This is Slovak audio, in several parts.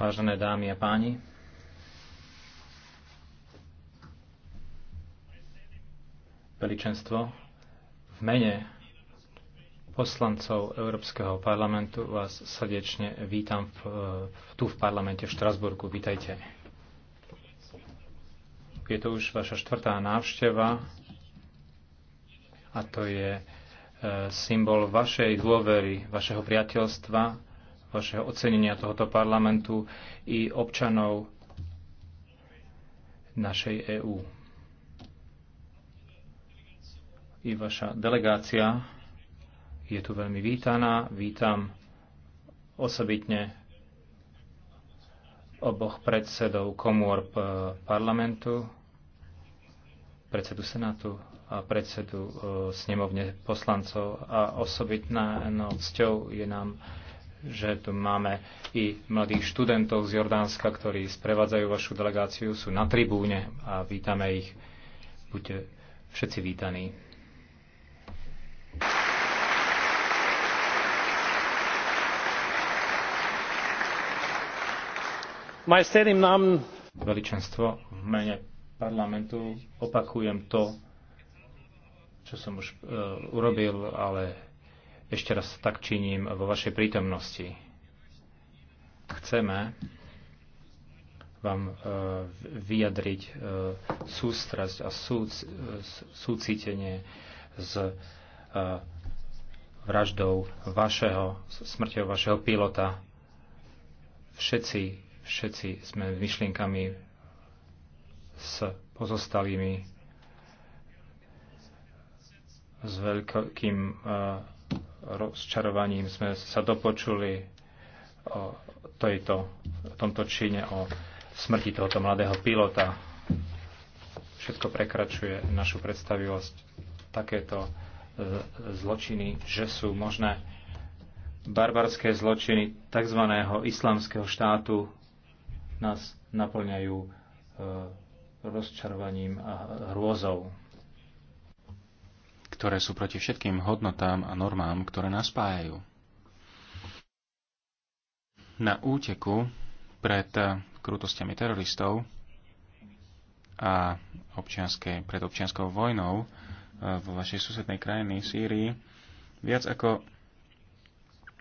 Vážené dámy a páni, veličenstvo, v mene poslancov Európskeho parlamentu vás srdečne vítam v, eh, tu v parlamente v Štrasburgu. Vítajte. Je to už vaša štvrtá návšteva a to je E, symbol vašej dôvery, vašeho priateľstva, vašeho ocenenia tohoto parlamentu i občanov našej EÚ. I vaša delegácia je tu veľmi vítaná. Vítam osobitne oboch predsedov komôr e, parlamentu, predsedu Senátu predsedu e, snemovne poslancov a osobitná cťou je nám, že tu máme i mladých študentov z Jordánska, ktorí sprevádzajú vašu delegáciu, sú na tribúne a vítame ich. Buďte všetci vítaní. Veličenstvo, v mene parlamentu opakujem to, čo som už uh, urobil, ale ešte raz tak činím vo vašej prítomnosti. Chceme vám uh, vyjadriť uh, sústrasť a súc, súcitenie s uh, vraždou vašeho, smrťou vašeho pilota. Všetci, všetci sme myšlienkami s pozostalými s veľkým e, rozčarovaním sme sa dopočuli o tejto, o tomto čine, o smrti tohoto mladého pilota. Všetko prekračuje našu predstavivosť. Takéto e, zločiny, že sú možné barbarské zločiny tzv. islamského štátu nás naplňajú e, rozčarovaním a hrôzou ktoré sú proti všetkým hodnotám a normám, ktoré nás spájajú. Na úteku pred krutostiami teroristov a občianske, pred občianskou vojnou eh, vo vašej susednej krajiny Sýrii viac ako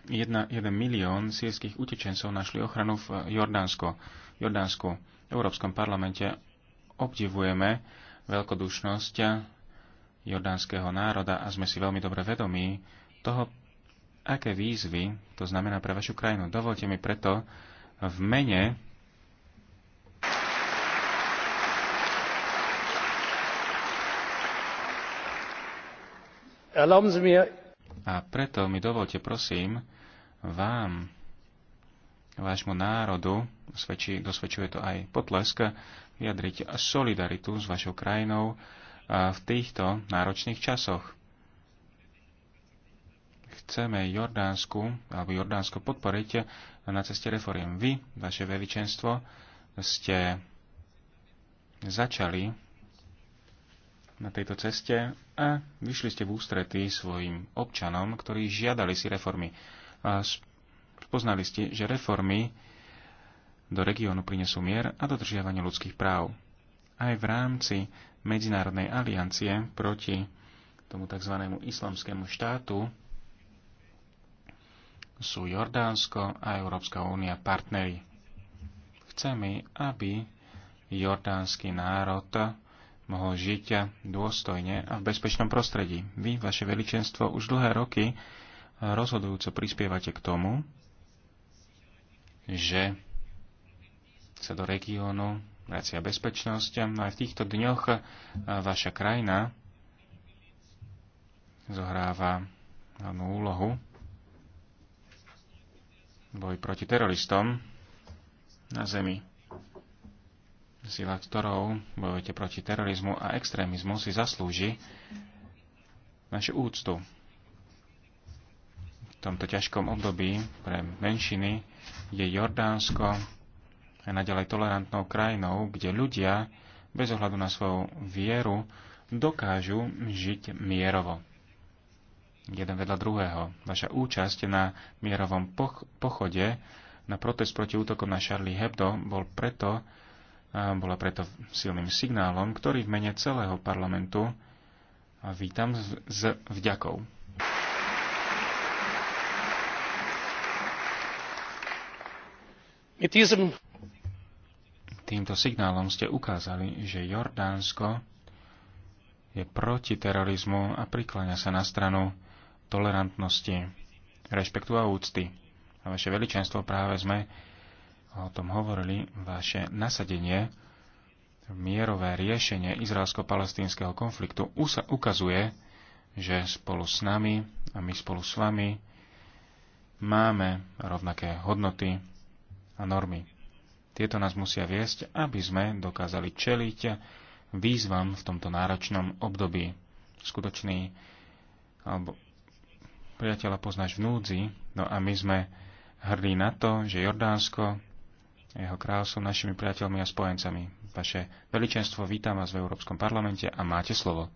1 milión sírskych utečencov našli ochranu v Jordánsko, Jordánsku. V Európskom parlamente obdivujeme veľkodušnosť jordánskeho národa a sme si veľmi dobre vedomí toho, aké výzvy to znamená pre vašu krajinu. Dovolte mi preto v mene A preto mi dovolte, prosím, vám, vášmu národu, dosvedčuje to aj potlesk, vyjadriť solidaritu s vašou krajinou v týchto náročných časoch. Chceme Jordánsku, alebo Jordánsko podporiť na ceste reforiem. Vy, vaše veličenstvo, ste začali na tejto ceste a vyšli ste v ústretí svojim občanom, ktorí žiadali si reformy. A poznali ste, že reformy do regiónu prinesú mier a dodržiavanie ľudských práv aj v rámci Medzinárodnej aliancie proti tomu tzv. islamskému štátu sú Jordánsko a Európska únia partneri. Chceme, aby jordánsky národ mohol žiť dôstojne a v bezpečnom prostredí. Vy, vaše veličenstvo, už dlhé roky rozhodujúco prispievate k tomu, že sa do regiónu migrácia a bezpečnosť. No aj v týchto dňoch vaša krajina zohráva hlavnú úlohu boj proti teroristom na zemi. Sila, ktorou bojujete proti terorizmu a extrémizmu, si zaslúži našu úctu. V tomto ťažkom období pre menšiny je Jordánsko naďalej tolerantnou krajinou, kde ľudia bez ohľadu na svoju vieru dokážu žiť mierovo. Jeden vedľa druhého. Vaša účasť na mierovom pochode na protest proti útokom na Charlie Hebdo bol preto, bola preto silným signálom, ktorý v mene celého parlamentu vítam s, s vďakou. Mit diesem týmto signálom ste ukázali, že Jordánsko je proti terorizmu a prikláňa sa na stranu tolerantnosti, rešpektu a úcty. A vaše veličenstvo práve sme o tom hovorili, vaše nasadenie mierové riešenie izraelsko-palestínskeho konfliktu ukazuje, že spolu s nami a my spolu s vami máme rovnaké hodnoty a normy. Tieto nás musia viesť, aby sme dokázali čeliť výzvam v tomto náročnom období. Skutočný alebo priateľa poznáš v núdzi, no a my sme hrdí na to, že Jordánsko jeho kráľ sú našimi priateľmi a spojencami. Vaše veličenstvo, vítam vás v Európskom parlamente a máte slovo.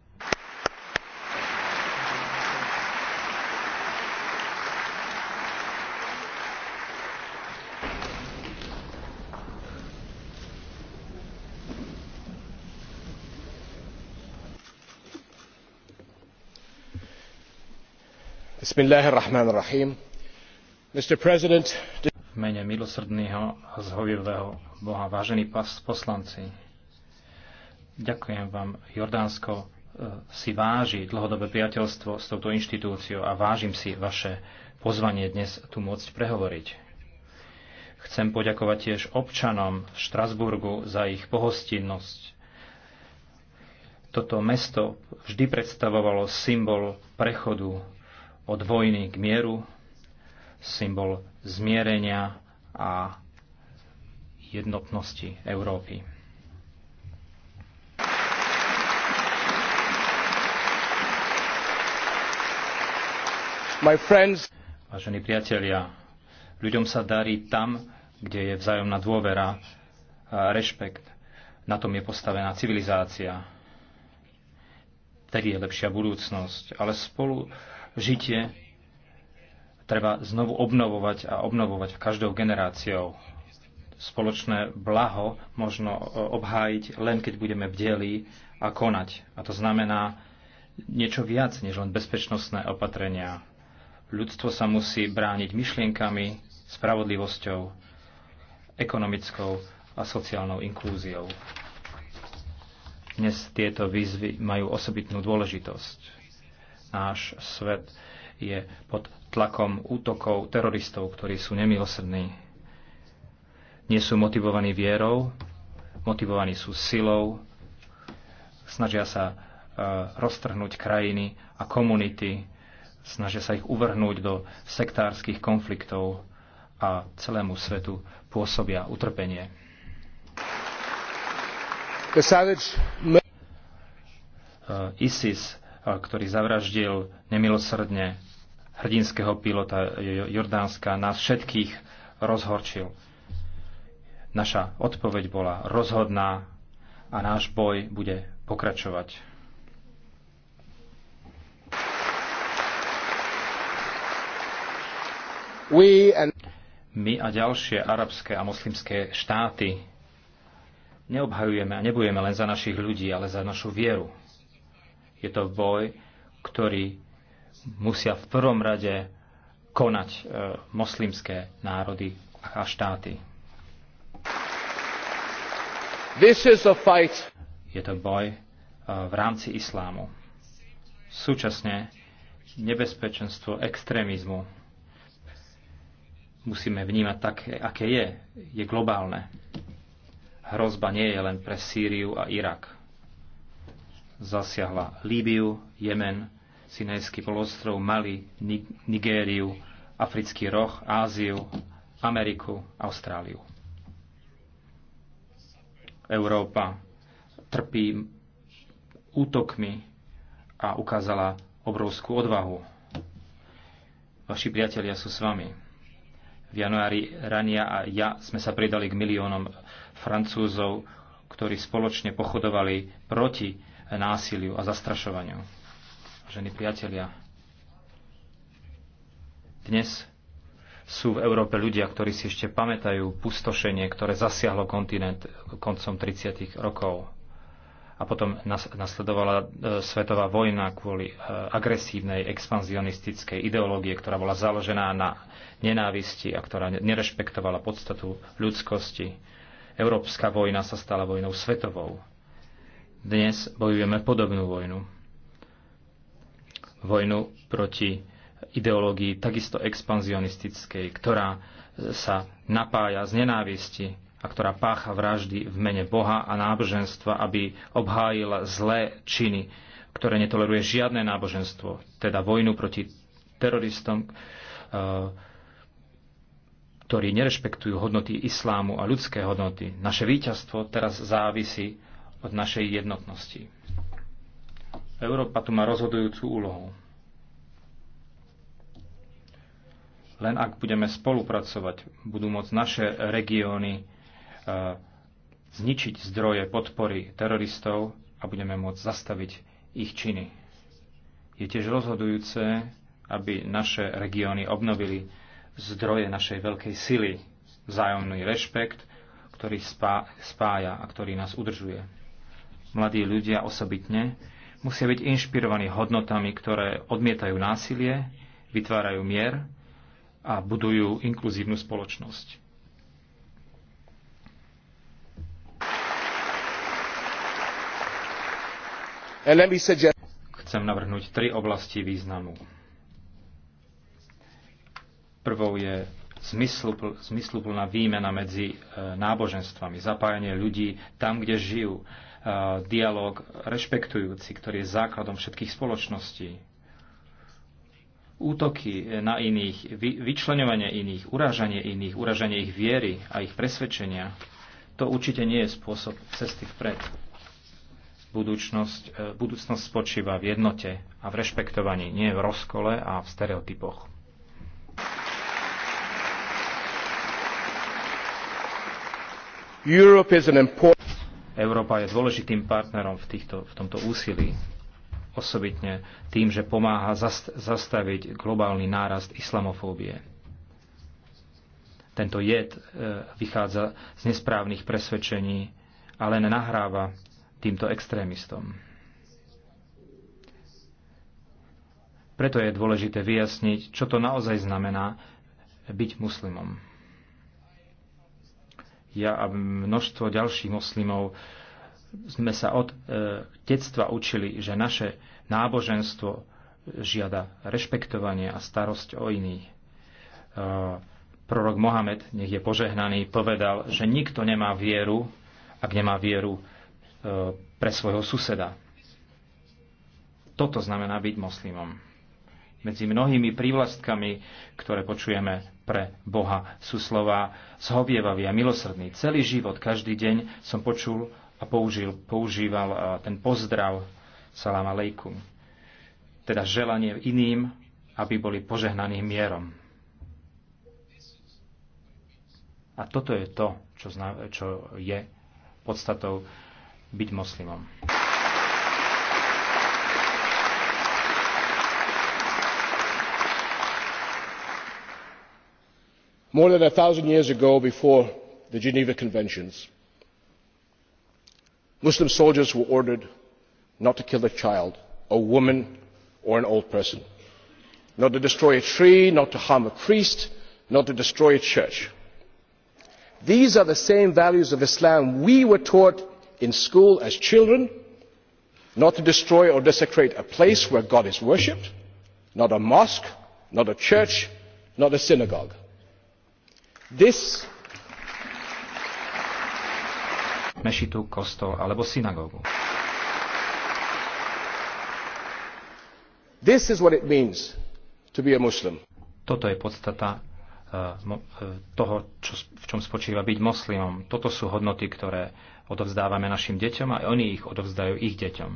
v mene milosrdného a zhovilého, Boha, vážení poslanci, ďakujem vám, Jordánsko e, si váži dlhodobé priateľstvo s touto inštitúciou a vážim si vaše pozvanie dnes tu môcť prehovoriť. Chcem poďakovať tiež občanom Štrasburgu za ich pohostinnosť. Toto mesto vždy predstavovalo symbol prechodu od vojny k mieru, symbol zmierenia a jednotnosti Európy. My friends. Vážení priatelia, ľuďom sa darí tam, kde je vzájomná dôvera a rešpekt. Na tom je postavená civilizácia. Tedy je lepšia budúcnosť. Ale spolu žitie treba znovu obnovovať a obnovovať v každou generáciou. Spoločné blaho možno e, obhájiť len keď budeme bdeli a konať. A to znamená niečo viac než len bezpečnostné opatrenia. Ľudstvo sa musí brániť myšlienkami, spravodlivosťou, ekonomickou a sociálnou inklúziou. Dnes tieto výzvy majú osobitnú dôležitosť Náš svet je pod tlakom útokov teroristov, ktorí sú nemilosrdní. Nie sú motivovaní vierou, motivovaní sú silou, snažia sa e, roztrhnúť krajiny a komunity, snažia sa ich uvrhnúť do sektárskych konfliktov a celému svetu pôsobia utrpenie. E, ISIS ktorý zavraždil nemilosrdne hrdinského pilota Jordánska, nás všetkých rozhorčil. Naša odpoveď bola rozhodná a náš boj bude pokračovať. My a ďalšie arabské a moslimské štáty neobhajujeme a nebojujeme len za našich ľudí, ale za našu vieru. Je to boj, ktorý musia v prvom rade konať e, moslimské národy a štáty. This is a fight. Je to boj e, v rámci islámu. Súčasne nebezpečenstvo extrémizmu musíme vnímať tak, aké je. Je globálne. Hrozba nie je len pre Sýriu a Irak zasiahla Líbiu, Jemen, Sinejský polostrov, Mali, Nigériu, Africký roh, Áziu, Ameriku, Austráliu. Európa trpí útokmi a ukázala obrovskú odvahu. Vaši priatelia sú s vami. V januári Rania a ja sme sa pridali k miliónom Francúzov, ktorí spoločne pochodovali proti násiliu a zastrašovaniu. Ženy priatelia, dnes sú v Európe ľudia, ktorí si ešte pamätajú pustošenie, ktoré zasiahlo kontinent koncom 30. rokov. A potom nasledovala e, svetová vojna kvôli e, agresívnej expanzionistickej ideológie, ktorá bola založená na nenávisti a ktorá nerešpektovala podstatu ľudskosti. Európska vojna sa stala vojnou svetovou dnes bojujeme podobnú vojnu. Vojnu proti ideológii takisto expanzionistickej, ktorá sa napája z nenávisti a ktorá pácha vraždy v mene Boha a náboženstva, aby obhájila zlé činy, ktoré netoleruje žiadne náboženstvo, teda vojnu proti teroristom, eh, ktorí nerešpektujú hodnoty islámu a ľudské hodnoty. Naše víťazstvo teraz závisí od našej jednotnosti. Európa tu má rozhodujúcu úlohu. Len ak budeme spolupracovať, budú môcť naše regióny e, zničiť zdroje podpory teroristov a budeme môcť zastaviť ich činy. Je tiež rozhodujúce, aby naše regióny obnovili zdroje našej veľkej sily, vzájomný rešpekt, ktorý spája a ktorý nás udržuje. Mladí ľudia osobitne musia byť inšpirovaní hodnotami, ktoré odmietajú násilie, vytvárajú mier a budujú inkluzívnu spoločnosť. Chcem navrhnúť tri oblasti významu. Prvou je zmysluplná výmena medzi e, náboženstvami, zapájanie ľudí tam, kde žijú, Eh, dialog rešpektujúci, ktorý je základom všetkých spoločností. Útoky na iných, vyčlenovanie iných, urážanie iných, urážanie ich viery a ich presvedčenia, to určite nie je spôsob cesty vpred. Budúcnosť, eh, budúcnosť spočíva v jednote a v rešpektovaní, nie v rozkole a v stereotypoch. Europe is an important Európa je dôležitým partnerom v, týchto, v tomto úsilí. Osobitne tým, že pomáha zast- zastaviť globálny nárast islamofóbie. Tento jed e, vychádza z nesprávnych presvedčení ale nenahráva nahráva týmto extrémistom. Preto je dôležité vyjasniť, čo to naozaj znamená byť muslimom ja a množstvo ďalších moslimov sme sa od e, detstva učili, že naše náboženstvo žiada rešpektovanie a starosť o iných. E, prorok Mohamed, nech je požehnaný, povedal, že nikto nemá vieru, ak nemá vieru e, pre svojho suseda. Toto znamená byť moslimom. Medzi mnohými prívlastkami, ktoré počujeme pre Boha sú slova zhovievavý a milosrdný. Celý život, každý deň som počul a použil, používal ten pozdrav salam aleikum, teda želanie iným, aby boli požehnaní mierom. A toto je to, čo, čo je podstatou byť moslimom. more than a thousand years ago before the geneva conventions muslim soldiers were ordered not to kill a child a woman or an old person not to destroy a tree not to harm a priest not to destroy a church. these are the same values of islam we were taught in school as children not to destroy or desecrate a place where god is worshipped not a mosque not a church not a synagogue. This mešitu, kostol alebo synagógu. This is what it means to be a Muslim. Toto je podstata eh, eh, toho, čo, v čom spočíva byť moslimom. Toto sú hodnoty, ktoré odovzdávame našim deťom a oni ich odovzdajú ich deťom.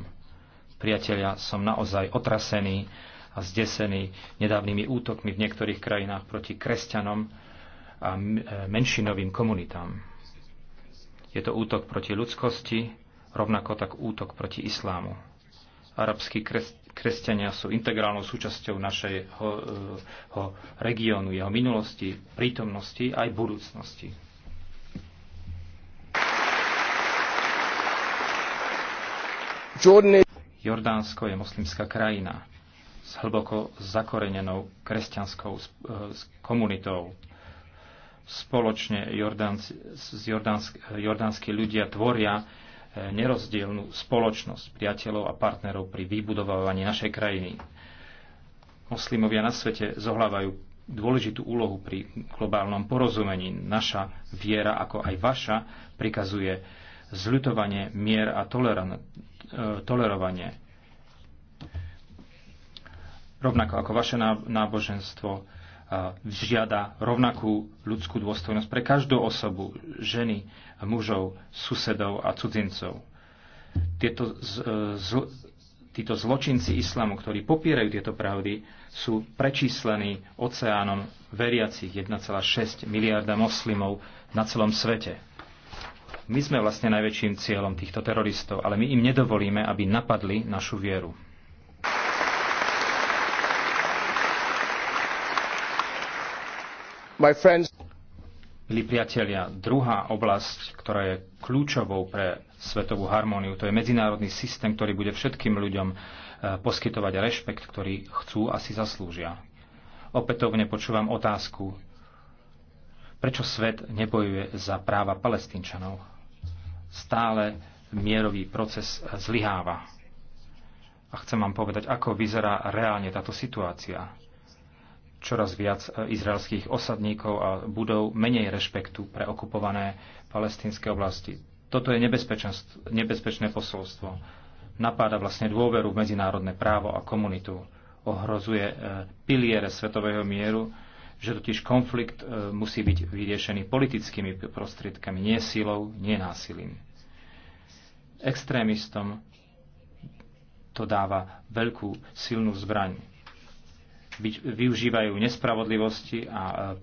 Priatelia, som naozaj otrasený a zdesený nedávnymi útokmi v niektorých krajinách proti kresťanom, a e, menšinovým komunitám. Je to útok proti ľudskosti, rovnako tak útok proti islámu. Arabskí kres, kresťania sú integrálnou súčasťou našeho e, regiónu, jeho minulosti, prítomnosti aj budúcnosti. Jordánsko je moslimská krajina s hlboko zakorenenou kresťanskou e, komunitou Spoločne jordánsky ľudia tvoria e, nerozdielnú spoločnosť priateľov a partnerov pri vybudovávaní našej krajiny. Moslimovia na svete zohľavajú dôležitú úlohu pri globálnom porozumení. Naša viera, ako aj vaša, prikazuje zľutovanie, mier a toleran- e, tolerovanie. Rovnako ako vaše náboženstvo, E, žiada rovnakú ľudskú dôstojnosť pre každú osobu, ženy, mužov, susedov a cudzincov. Tieto, z, e, títo zločinci islamu, ktorí popierajú tieto pravdy, sú prečíslení oceánom veriacich 1,6 miliarda moslimov na celom svete. My sme vlastne najväčším cieľom týchto teroristov, ale my im nedovolíme, aby napadli našu vieru. Milí priatelia, druhá oblasť, ktorá je kľúčovou pre svetovú harmóniu, to je medzinárodný systém, ktorý bude všetkým ľuďom eh, poskytovať rešpekt, ktorý chcú a si zaslúžia. Opätovne počúvam otázku, prečo svet nebojuje za práva palestínčanov. Stále mierový proces eh, zlyháva. A chcem vám povedať, ako vyzerá reálne táto situácia čoraz viac e, izraelských osadníkov a budov menej rešpektu pre okupované palestinské oblasti. Toto je nebezpečné posolstvo. Napáda vlastne dôveru v medzinárodné právo a komunitu. Ohrozuje e, piliere svetového mieru, že totiž konflikt e, musí byť vyriešený politickými prostriedkami, nie silou, nie násilím. Extrémistom to dáva veľkú silnú zbraň využívajú nespravodlivosti a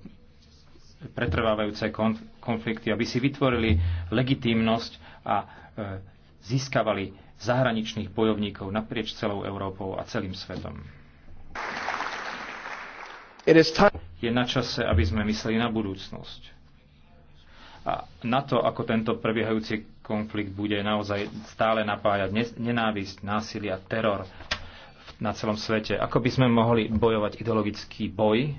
e, pretrvávajúce konflikty, aby si vytvorili legitímnosť a e, získavali zahraničných bojovníkov naprieč celou Európou a celým svetom. Je na čase, aby sme mysleli na budúcnosť. A na to, ako tento prebiehajúci konflikt bude naozaj stále napájať nenávisť, násilie a teror na celom svete. Ako by sme mohli bojovať ideologický boj,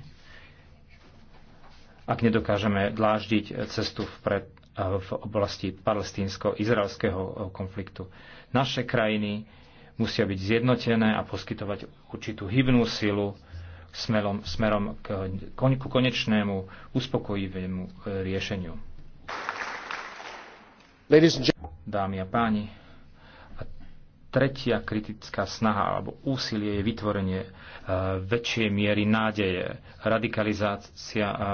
ak nedokážeme dláždiť cestu vpred v oblasti palestínsko-izraelského konfliktu. Naše krajiny musia byť zjednotené a poskytovať určitú hybnú silu smerom, smerom k, ku konečnému uspokojivému e, riešeniu. Dámy a páni, Tretia kritická snaha alebo úsilie je vytvorenie e, väčšej miery nádeje. Radikalizácia e, e,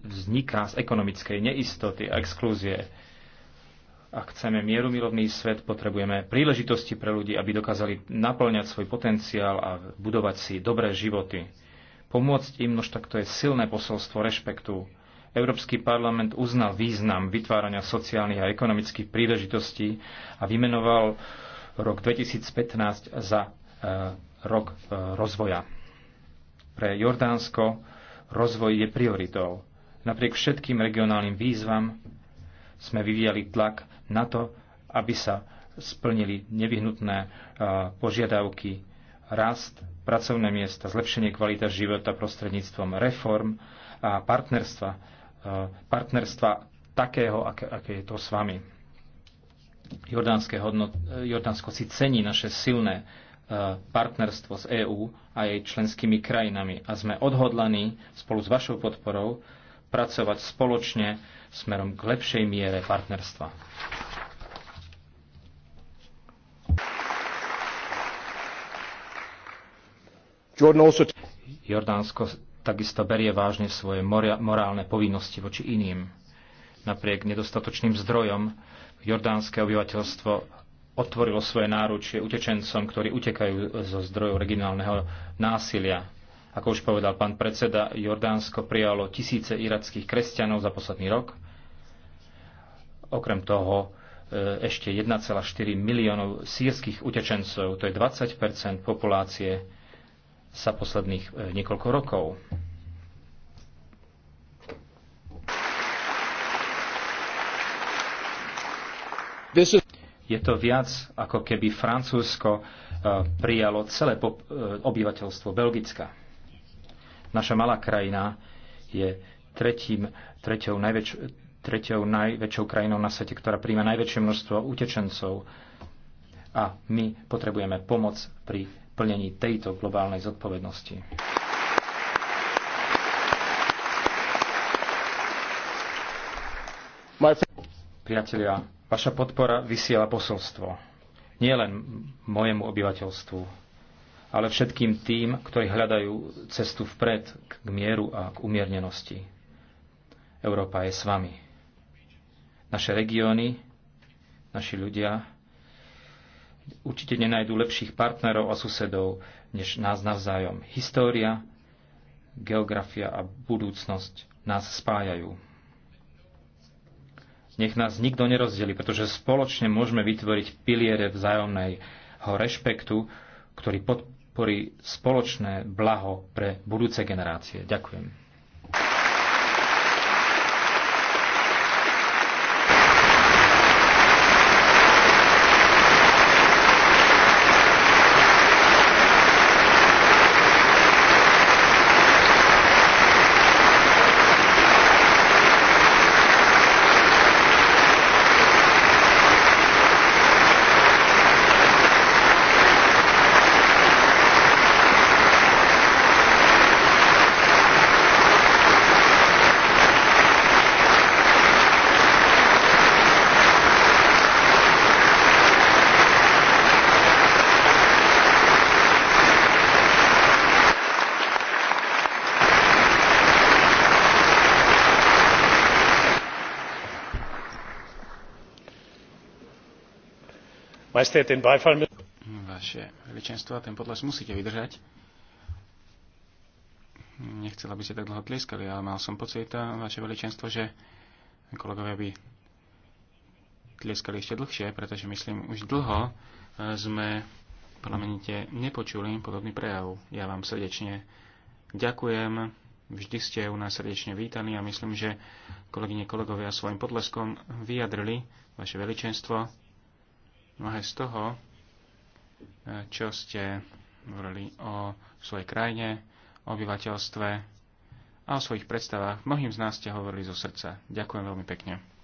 vzniká z ekonomickej neistoty a exklúzie. Ak chceme mierumilovný svet, potrebujeme príležitosti pre ľudí, aby dokázali naplňať svoj potenciál a budovať si dobré životy. Pomôcť im, nož takto je silné posolstvo rešpektu Európsky parlament uznal význam vytvárania sociálnych a ekonomických príležitostí a vymenoval rok 2015 za eh, rok eh, rozvoja. Pre Jordánsko rozvoj je prioritou. Napriek všetkým regionálnym výzvam sme vyvíjali tlak na to, aby sa splnili nevyhnutné eh, požiadavky rast, pracovné miesta, zlepšenie kvalita života prostredníctvom reform a partnerstva E, partnerstva takého, aké, aké je to s vami. Jordánske hodnot, e, Jordánsko si cení naše silné e, partnerstvo s EÚ a jej členskými krajinami a sme odhodlaní spolu s vašou podporou pracovať spoločne smerom k lepšej miere partnerstva. Jordánsko takisto berie vážne svoje morálne povinnosti voči iným. Napriek nedostatočným zdrojom jordánske obyvateľstvo otvorilo svoje náručie utečencom, ktorí utekajú zo zdrojov regionálneho násilia. Ako už povedal pán predseda, Jordánsko prijalo tisíce irackých kresťanov za posledný rok. Okrem toho e, ešte 1,4 miliónov sírskych utečencov, to je 20 populácie za posledných e, niekoľko rokov. Je to viac, ako keby Francúzsko e, prijalo celé e, obyvateľstvo Belgická. Naša malá krajina je tretím, treťou, najväč, treťou najväčšou krajinou na svete, ktorá príjma najväčšie množstvo utečencov. A my potrebujeme pomoc pri plnení tejto globálnej zodpovednosti. Priatelia, vaša podpora vysiela posolstvo. Nie len mojemu obyvateľstvu, ale všetkým tým, ktorí hľadajú cestu vpred k mieru a k umiernenosti. Európa je s vami. Naše regióny, naši ľudia, určite nenajdu lepších partnerov a susedov než nás navzájom. História, geografia a budúcnosť nás spájajú. Nech nás nikto nerozdeli, pretože spoločne môžeme vytvoriť piliere vzájomného rešpektu, ktorý podporí spoločné blaho pre budúce generácie. Ďakujem. Vaše veličenstvo, ten potlesk musíte vydržať. Nechcela by ste tak dlho tlieskali, ale mal som pocit, vaše veličenstvo, že kolegovia by tlieskali ešte dlhšie, pretože myslím, už dlho e, sme v parlamente nepočuli podobný prejav. Ja vám srdečne ďakujem, vždy ste u nás srdečne vítaní a myslím, že kolegyne kolegovia svojim podleskom vyjadrili vaše veličenstvo Mnohé z toho, e, čo ste hovorili o svojej krajine, o obyvateľstve a o svojich predstavách, mnohým z nás ste hovorili zo srdca. Ďakujem veľmi pekne.